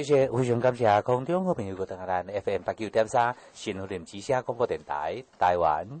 多謝，非常感謝廣東嘅朋友，佢聽下我哋 F M 八九點三新雲林之聲廣播電台，台灣。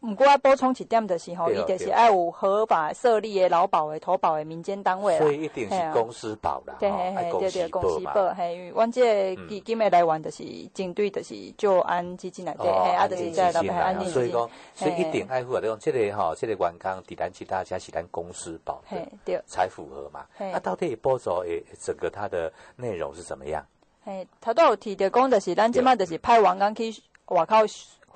毋過我補充一點的時候，一定、哦、是愛有合法設立嘅勞保嘅投保嘅民間單位，所以一定是公司保啦，對、啊，對，對，對，對，對，對，公司保、嗯對。因為我即個基金嘅來源，就是針、嗯、對，就是就安基金來貸，係啊，就是在台北安定、哦啊。所以講，所以一定係符合，即個哈、哦，即、這個員工佇咱即搭，才是咱公司保，對，對，才符合嘛。那、啊、到底報咗誒，整個它的內容是怎麼樣？誒，頭都有提到講，就是咱即賣就是派員工去外口。